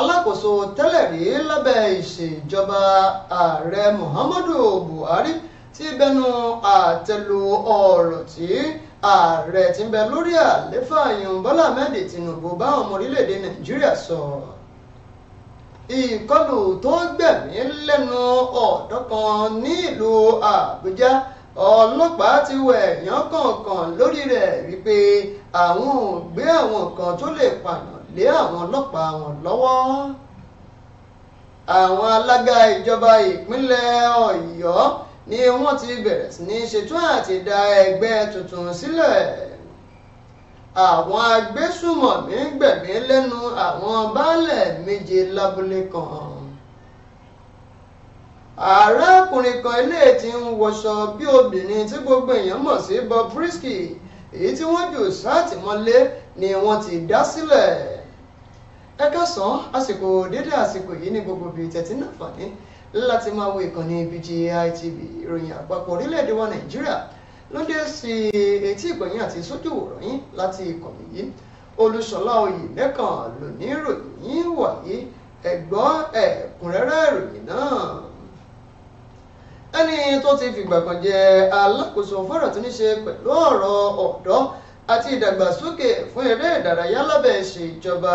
alákòóso tẹ́lẹ̀ rí lábẹ́ ìṣèjọba ààrẹ muhammadu buhari ti bẹnu àtẹ́lu ọ̀rọ̀ tí ààrẹ ti ń bẹ lórí àléfà yun bọ́lá ahmed tinubu báwọn ọmọ orílẹ̀-èdè nàìjíríà sọ ìkọlù tó gbẹ̀mí lẹ́nu ọ̀dọ́ kan ní ìlú àbújá ọlọ́pàá ti wọ ẹ̀yán kọ̀ọ̀kan lórí rẹ̀ wípé àwọn ò gbé àwọn kan tó lè pààyàn lé àwọn ọlọ́pàá wọn lọ́wọ́ àwọn alága ìjọba ìpínlẹ̀ ọ̀yọ́ ni wọ́n ti bẹ̀rẹ̀ sí ní ṣètò àti dá ẹgbẹ́ tuntun sílẹ̀ àwọn agbésùmọ̀mí gbẹ̀mí lẹ́nu àwọn baálẹ̀ méje lábúlé kan arákùnrin kan eléyìí tí ń wọṣọ bí obìnrin tí gbogbo èèyàn mọ̀ sí Bobrisky èyí tí wọ́n jù sátìmọ́lé ni wọ́n ti dá sílẹ̀ ẹ kẹsàn-án àsìkò dédé àsìkò yìí ní gbogbo bíi tẹ̀tí náà fàní láti máa wo ìkànnì BGI TV ìròyìn àpapọ̀ orílẹ̀-èdè wa Nàìjíríà ló dé sí etí ìgbọ̀nyìn àti sójú ìròyìn láti ìkànnì yìí Olúṣọlá Oyèlẹ́kàn ló ní ìròyìn wàyí ẹ̀gbọ́n ẹ̀kúnrẹ́rẹ́ ìròyìn náà ẹni tó ti fìgbà kan jẹ́ alákòóso fọ́rọ̀ tó ní ṣe pẹ̀lú ọ̀rọ̀ ọ̀dọ́ àti ìdàgbàsókè fún eré ìdárayá lábẹ́ ìṣèjọba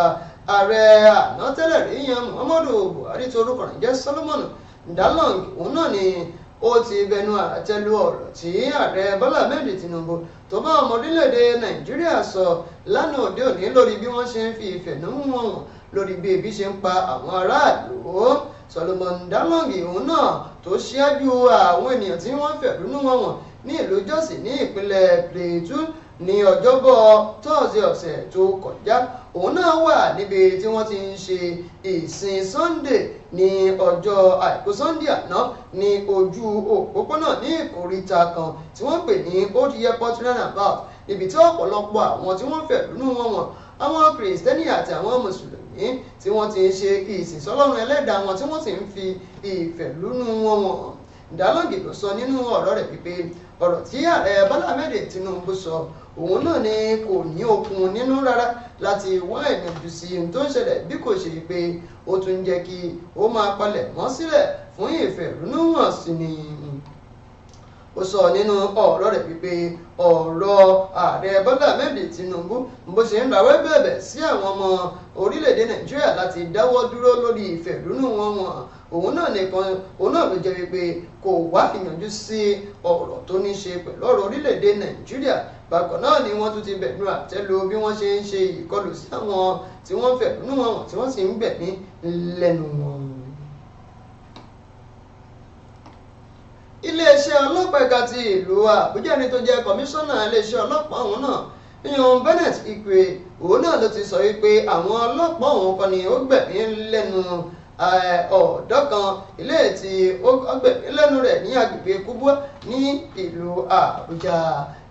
ààrẹ àná tẹ́lẹ̀ rí yan Muhammadu Buhari tó orúkọ rẹ̀ jẹ́ Solomon Dalong òun náà ni ó ti bẹnu àtẹ́lù ọ̀rọ̀ tí ààrẹ Bọ́lá Ahmed Tinubu tó bá ọmọ orílẹ̀-èdè Nàìjíríà sọ lánàá òde òní lórí bí wọ́n ṣe ń fi ìfẹ̀nú wọn lórí bí ebi ṣe ń pa àwọn aráàlú Solomon Dalongi òun náà tó ṣíájú àwọn ènìyàn tí wọ́n fẹ̀dúnú wọn wọ̀n ní ìlú jọ́sìn ní ìpínlẹ̀ Plateau ní ọjọ́bọ̀ tọ́sídẹ̀ẹ́ ọ̀sẹ̀ tó kọjá òun náà wà níbi tí wọ́n ti ń ṣe ìsìn Sunday ní ọjọ́ àìkú Sunday àná ní ojú òpópónà ní ìkóríta kan tí wọ́n pè ní old airport runabout níbi tí ọ̀pọ̀lọpọ̀ àwọn tí wọ́n fẹ̀dúnú wọn wọ̀n àwọn kìrìsìtẹ́nì àti àwọn mùsùlùmí yìí tí wọ́n ti ń ṣe ìsìn sọ́lọ́run ẹlẹ́dàá wọn tí wọ́n sì ń fi ìfẹ̀lúnú wọn wọn Dáńlógì ló sọ nínú ọ̀rọ̀ rẹ̀ wípé ọ̀rọ̀ tí ààrẹ Bọ́lá mẹ́rẹ̀ Tinubu sọ òun náà ni kò ní okun nínú rárá láti wá ìyànjú sí ohun tó ń ṣẹlẹ̀ bí kò ṣe pé ó tún jẹ́ kí ó máa palẹ̀ mọ́ sílẹ̀ fún ìfẹ̀rúnúhàn sí ni ó sọ nínú ọ̀rọ̀ rẹ̀ wípé ọ̀rọ̀ ààrẹ bọ́lá mẹ́bì Tinubu bó ṣe ń rawọ́ bẹ̀bẹ̀ sí àwọn ọmọ orílẹ̀-èdè Nàìjíríà láti dáwọ́ dúró lórí ìfẹ̀dúnú wọn wọn òun náà nìkan òun náà ló jẹ́ wípé kò wá ìyànjú sí ọ̀rọ̀ tó ní ṣe pẹ̀lú ọ̀rọ̀ orílẹ̀-èdè Nàìjíríà bákan náà ni wọ́n tún ti bẹ̀nu àtẹ́lu bí wọ́n ṣe ń ṣe ìkọlù sí àwọn tí wọ́n fẹ̀dúnú wọn tí wọ́n sì ń gbẹ̀mí lẹ́nu wọn. iléeṣẹ́ ọlọ́pàá ẹ̀ka ti ìlú àbújá ẹni tó jẹ́ kọmíṣánná iléeṣẹ́ ọlọ́pàá ọ̀hún náà yan Bennett Ikwe òun náà ló ti sọ wípé àwọn ọlọ́pàá ọ̀hún kan ni ó gbẹ̀mí lẹ́nu ọ̀dọ́ kan ilé tí ó gbẹ̀mí lẹ́nu rẹ̀ ní agbègbè Kubwa ní ìlú àbújá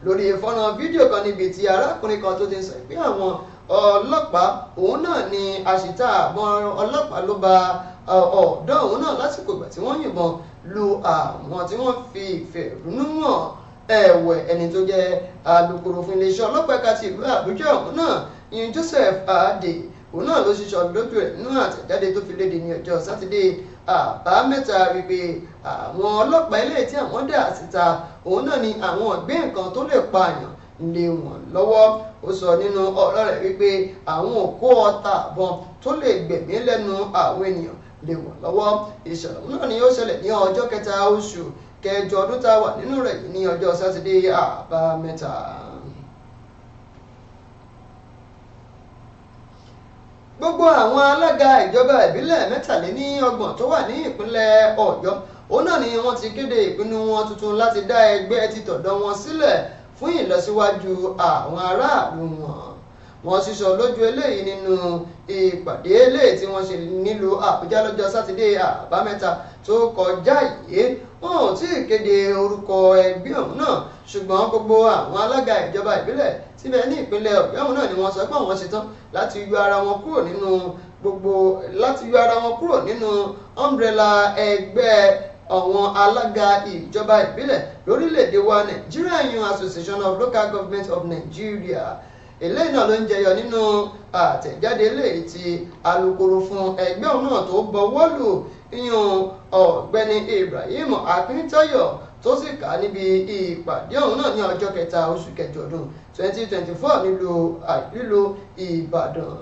lórí fọ́nrán fídíò kan níbi tí arákùnrin kan tó ti sọ pé àwọn ọlọ́pàá òun náà ni àṣìta àwọn ọlọ́pàá ló bá ọ̀dọ́ òun náà lásìkò ìgbà tí wọ́n yìnbọn lu àwọn tí wọ́n fi ìfẹ̀rúnú hàn ẹ̀wẹ̀ ẹni tó jẹ́ alukoro fún iléeṣẹ́ ọlọ́pàá ẹ̀ka ti ìlú Àbújá òun náà ìyẹn Joseph Adé òun náà ló ṣiṣọ́ lójú rẹ̀ nínú àtẹ̀jáde tó fi léde ní ọjọ́ sátidé àbámẹ́ta wípé àwọn ọlọ́pàá ilé tí àwọn dà síta òun náà ni àwọn ọ̀gbìn nǹkan tó lè pààyàn lé wọn lọ́wọ́ ó sọ nínú ọ̀rọ̀ rẹ̀ wípé àwọn ò ọta àbọn tó lè gbẹ̀mí lẹ́nu àwọn ènìyàn lé wọn lọ́wọ́ ìṣẹ̀lẹ̀ náà ni ó ṣẹlẹ̀ ní ọjọ́ kẹta oṣù kẹjọ ọdún tá a wà nínú rẹ̀ ní ọjọ́ sátidé àbámẹ́ta. gbogbo àwọn alága ìjọba ìbílẹ̀ mẹ́tàléní ọgbọ̀n tó wà ní ìpínlẹ̀ ọ̀yọ́ òun náà ni wọ́n ti kéde ìpinnu wọn tuntun láti dá ẹgbẹ́ títọ̀dọ̀ wọn sílẹ̀ fún ìlọsíwájú àwọn aráàlú wọn wọ́n sísọ lójú eléyìí nínú ìpàdé eléyìí tí wọ́n ṣe nílùú àbújá lọ́jọ́ sátidé àbámẹ́ta tó kọjá yìí wọn ò tí ì kéde orúkọ ẹgbẹ́ ọ̀hún náà ṣùgbọ́n gbogbo àwọn alága ìjọba ìbílẹ̀ síbẹ̀ ní ìpínlẹ̀ ọ̀gbẹ́ ọ̀hún náà ni wọ́n sọ pé àwọn ṣetán láti yọ ara wọn kúrò nínú gbogbo láti yọ ara wọn kúrò nínú umbrella ẹgbẹ́ àwọn alága ìjọba ìbílẹ̀ lórílẹ̀‐èdè wa Nigeria Union Association of Local Government of Nigeria eléyìí náà ló ń jẹyọ nínú àtẹ̀jáde eléyìí tí alukoro fún ẹgbẹ́ òun náà tó bọwọ́lù yíyan ọ̀gbẹ́ni Ibrahim Akíntóyọ̀ tó sì kà á níbi ìpàdé ọ̀hún náà ní ọjọ́ kẹta oṣù kẹjọ ọdún twenty twenty four nílùú Ìbàdàn.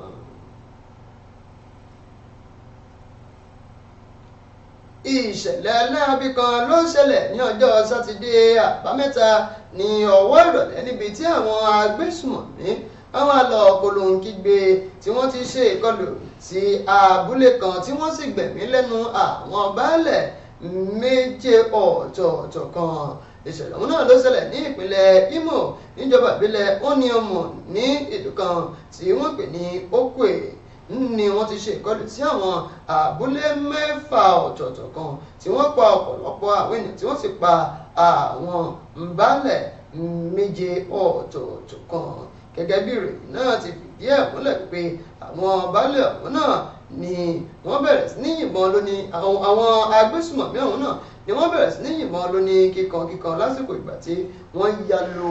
ìṣẹ̀lẹ̀ aláàbí kan ló ṣẹlẹ̀ ní ọjọ́ sátidé àbámẹ́ta ní ọwọ́ ìrọ̀lẹ́ níbi tí àwọn agbésùmọ̀mí wọ́n máa lọ polongo kígbe tí wọ́n ti ṣe ìkọlù sí abúlé kan tí wọ́n sì gbẹ̀mí lẹ́nu àwọn baálẹ̀ méje ọ̀tọ̀ọ̀tọ̀ kan ìṣẹ̀lẹ̀ ọ̀hún náà ló ṣẹlẹ̀ ní ìpínlẹ̀ Imo níjọba ìbílẹ̀ oniomo ní ìlú kan tí wọ́n pè ní okwe ni wọ́n ti ṣe ìkọlù sí àwọn abúlé mẹ́fà ọ̀tọ̀ọ̀tọ̀ kan tí wọ́n pa ọ̀pọ̀lọpọ̀ àwọn èèyàn tí wọ́n sì pa àwọn ńbalẹ̀ méje ọ̀tọ̀ọ̀tọ̀ kan gẹ́gẹ́ bí ìròyìn náà ti fìdí ẹ̀ múlẹ̀ pé àwọn baálẹ̀ ọ̀hún náà ni wọ́n bẹ̀rẹ̀ sí ní yìnbọn lóní àwọn agbésùmọ̀mí ọ̀hún náà ni wọ́n bẹ̀rẹ̀ sí ní yìnbọn lóní kíkan kíkan lásìkò ìgbà tí wọ́n ya lu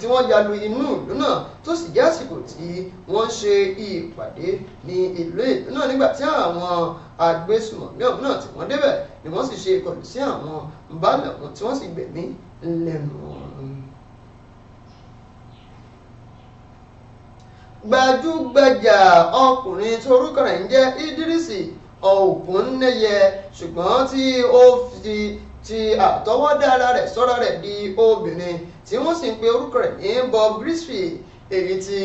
tí wọ́n ya lu inú ìlú náà tó sì jẹ́ àsìkò tí wọ́n ṣe ìpàdé ní ìlú ìlú náà nígbà tí àwọn agbésùmọ̀mí ọ̀hún náà tí wọ́n débẹ̀ wọ́n sì ṣe ìkọlù sí àwọn bálàmù tí wọ́n sì gbẹ̀mí lẹ́nu ọ̀run. gbajúgbajà ọkùnrin tí orúkọ rẹ̀ ń jẹ́ Ídírísì Ògúnnẹ́yẹ ṣùgbọ́n tí ó fi ti àtọwọ́dá ara rẹ̀ sọ́ra rẹ̀ di obìnrin tí wọ́n sì ń pe orúkọ rẹ̀ ní Bob Brisby èyí tí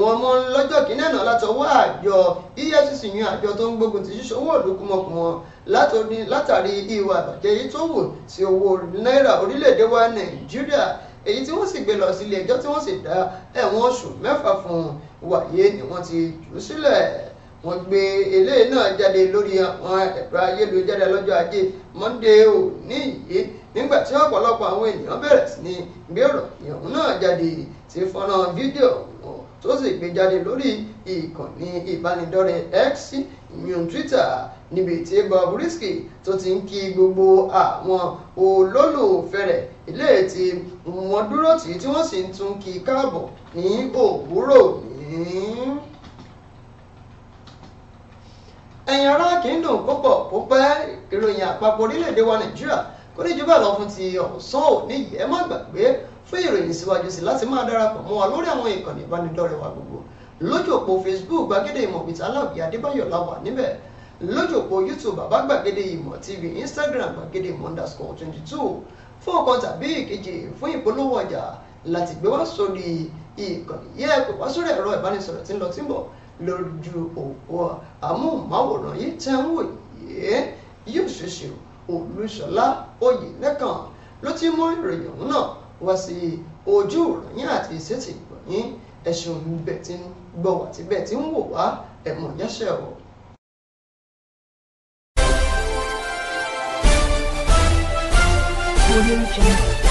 wọ́n mú lọ́jọ́ kìíní àná látọwọ́ àjọ EFCC yan àjọ tó ń gbógun ti ṣíṣe owó òdùnkúmọ̀kùn wọn látàrí ìwà àbàjẹ́ èyí tó wù sí owó náírà orílẹ̀-èdè wa Nàìjíríà èyí tí wọ́n sì gbé lọ sílé ẹjọ́ tí wọ́n sì dá ẹ̀wọ̀n oṣù mẹ́fà fún un ni wọ́n ti jù ú sílẹ̀ wọ́n gbé eléyìí náà jáde lórí àwọn ẹ̀rọ ayélujára lọ́jọ́ ajé Monday ò ní yìí nígbà tí ọ̀pọ̀lọpọ̀ àwọn ènìyàn bẹ̀rẹ̀ sí ní gbé ọ̀rọ̀ ìyàwó náà jáde sí fọ́nrán fídíò wọn tó sì gbé jáde lórí ìkànnì ìbánidọ́rẹ̀ẹ́ X ìyún Twitter níbi tí Bobrisky tó ti ń kí gbogbo àwọn olólùfẹ́ rẹ̀ ilé tí wọ́n dúró tì tí wọ́n sì tún kí káàbọ̀ ní òwúrò ní ẹ̀yin ará kì í dùn kó pọ̀ kó pẹ́ ìròyìn àpapọ̀ orílẹ̀-èdè wa nàìjíríà kó ní jù bẹ́ẹ̀ lọ fún ti ọ̀sán òní yìí ẹ má gbàgbé fún ìròyìn síwájú sí láti máa darapọ̀ mọ́ wa lórí àwọn ìkànnì ìbánidọ́rẹ̀ wa gbogbo lójú òpó facebook gbàgede ìmọ̀ wìtá alábì adébáyọ̀ làwà níbẹ̀ lójú òpó youtube bàbá gbàgede ìmọ̀ tv instagram gbàgede ìmọ̀ underscore twenty two fún ọ̀kan tàbí ìkejì fún ìpolówó ọjà láti gbé wá sórí ìkànnì yẹ pè wá sórí ẹ̀rọ ìbánisọ̀rọ̀ lójú òpó amóhùnmáwòrán yìí tẹ́ ń wò yìí yóò ṣeéṣe olúṣọlá oyè lẹ́kàn ló ti mú ìròyìn ọ̀hún náà wá sí ojú ìròyìn àti ìṣètì ìgbọ̀nyìn ẹ̀sùn bẹ̀ tí ń gbọ́ wá tí tí ń wò wá ẹ̀mọ̀ yẹ́sẹ̀ ọ̀. Audio Jungle.